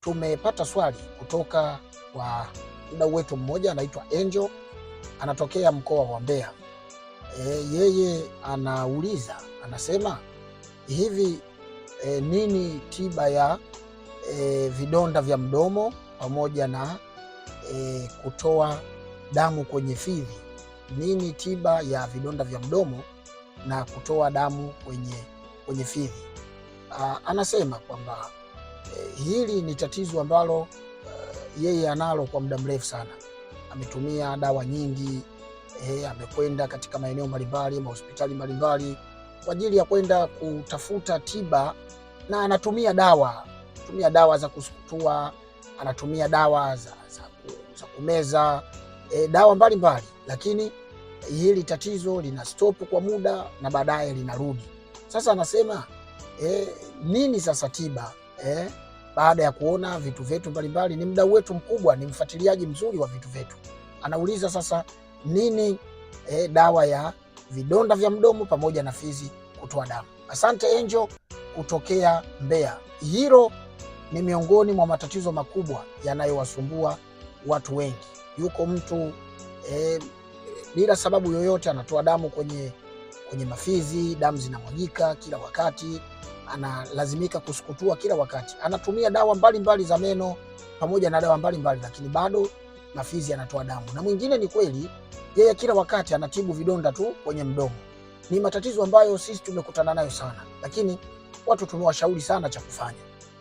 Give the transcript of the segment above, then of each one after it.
Tumepata swali kutoka kwa mdau wetu mmoja anaitwa Angel, anatokea mkoa wa Mbeya. E, yeye anauliza anasema hivi e, nini tiba ya e, vidonda vya mdomo pamoja na e, kutoa damu kwenye fizi? Nini tiba ya vidonda vya mdomo na kutoa damu kwenye, kwenye fizi? A, anasema kwamba Eh, hili ni tatizo ambalo eh, yeye analo kwa muda mrefu sana. Ametumia dawa nyingi e, amekwenda katika maeneo mbalimbali, mahospitali mbalimbali kwa ajili ya kwenda kutafuta tiba, na anatumia dawa tumia dawa za kusukutua, anatumia dawa za, za, za kumeza e, dawa mbalimbali, lakini hili tatizo lina stop kwa muda na baadaye linarudi. Sasa anasema e, nini sasa tiba eh, baada ya kuona vitu vyetu mbalimbali, ni mdau wetu mkubwa, ni mfuatiliaji mzuri wa vitu vyetu. Anauliza sasa nini eh, dawa ya vidonda vya mdomo pamoja na fizi kutoa damu. Asante Angel kutokea Mbeya. Hilo ni miongoni mwa matatizo makubwa yanayowasumbua watu wengi. Yuko mtu eh, bila sababu yoyote anatoa damu kwenye kwenye mafizi, damu zinamwagika kila wakati, analazimika kusukutua kila wakati, anatumia dawa mbalimbali mbali za meno pamoja na dawa mbalimbali, lakini bado mafizi anatoa damu. Na mwingine ni kweli yeye kila wakati anatibu vidonda tu kwenye mdomo. Ni matatizo ambayo sisi tumekutana nayo sana, lakini watu tumewashauri sana cha kufanya.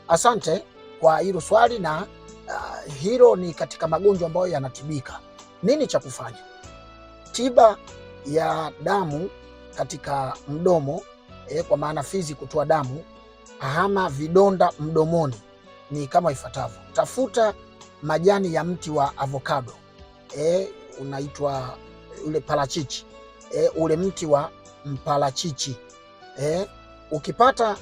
Asante kwa hilo swali, na uh, hilo ni katika magonjwa ambayo yanatibika. Nini cha kufanya? Tiba ya damu katika mdomo eh, kwa maana fizi kutoa damu ama vidonda mdomoni ni kama ifuatavyo. Tafuta majani ya mti wa avocado eh, unaitwa ule parachichi eh, ule mti wa mparachichi eh, ukipata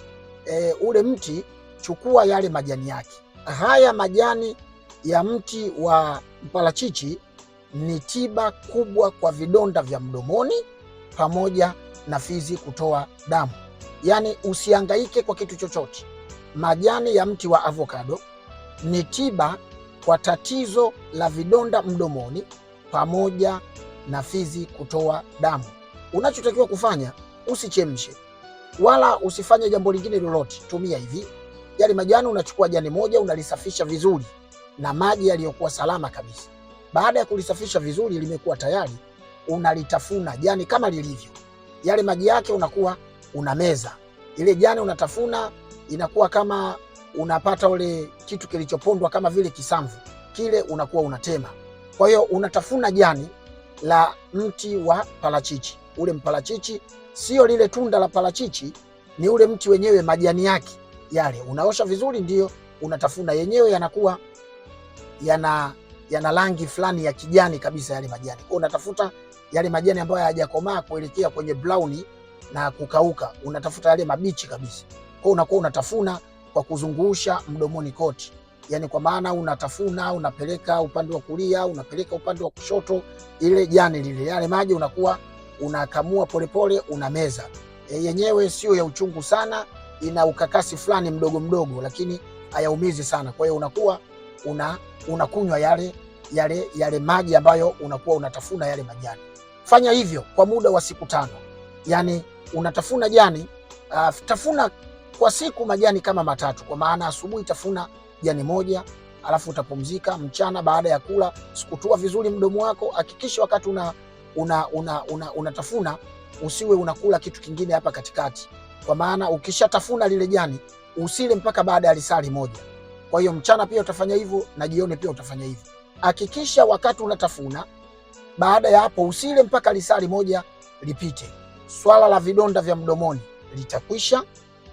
eh, ule mti chukua yale majani yake. Haya majani ya mti wa mparachichi ni tiba kubwa kwa vidonda vya mdomoni pamoja na fizi kutoa damu. Yaani usiangaike kwa kitu chochote. Majani ya mti wa avocado ni tiba kwa tatizo la vidonda mdomoni pamoja na fizi kutoa damu. Unachotakiwa kufanya usichemshe wala usifanye jambo lingine lolote. Tumia hivi Yaani majani, unachukua jani moja unalisafisha vizuri na maji yaliyokuwa salama kabisa. Baada ya kulisafisha vizuri, limekuwa tayari, unalitafuna jani kama lilivyo yale maji yake unakuwa unameza. Ile jani unatafuna, inakuwa kama unapata ule kitu kilichopondwa kama vile kisamvu kile, unakuwa unatema. Kwa hiyo unatafuna jani la mti wa parachichi. Ule mparachichi sio lile tunda la parachichi, ni ule mti wenyewe, majani yake yale unaosha vizuri, ndio unatafuna yenyewe, yanakuwa yana yana rangi fulani ya kijani kabisa yale majani, kwa unatafuta yale majani ambayo hayajakomaa kuelekea kwenye brown na kukauka, unatafuta yale mabichi kabisa. Kwa unakuwa unatafuna kwa kuzungusha mdomoni kote, yani kwa maana unatafuna, unapeleka upande wa kulia, unapeleka upande wa kushoto, ile jani lile, yale maji unakuwa unakamua polepole, unameza. E, yenyewe sio ya uchungu sana, ina ukakasi fulani mdogo mdogo, lakini hayaumizi sana. Kwa hiyo unakuwa una unakunywa yale yale, yale maji ambayo unakuwa unatafuna yale majani. Fanya hivyo kwa muda wa siku tano, yani unatafuna jani uh, tafuna kwa siku majani kama matatu, kwa maana asubuhi tafuna jani moja alafu utapumzika. Mchana baada ya kula, sukutua vizuri mdomo wako. Hakikisha wakati una unatafuna una, una, una usiwe unakula kitu kingine hapa katikati, kwa maana ukishatafuna lile jani usile mpaka baada ya lisali moja. Kwa hiyo mchana pia utafanya hivyo na jioni pia utafanya hivyo hakikisha wakati unatafuna, baada ya hapo usile mpaka lisali moja lipite. Swala la vidonda vya mdomoni litakwisha,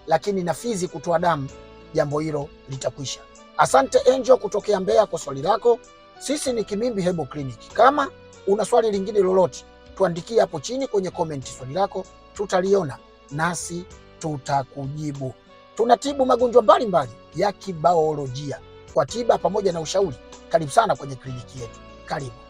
lakini na fizi kutoa damu, jambo hilo litakwisha. Asante Angel kutokea Mbeya kwa swali lako. Sisi ni Kimimbi Herbal Clinic. Kama una swali lingine lolote, tuandikie hapo chini kwenye komenti swali lako, tutaliona nasi tutakujibu. Tunatibu magonjwa mbalimbali ya kibaolojia kwa tiba pamoja na ushauri karibu sana kwenye kliniki yetu, karibu.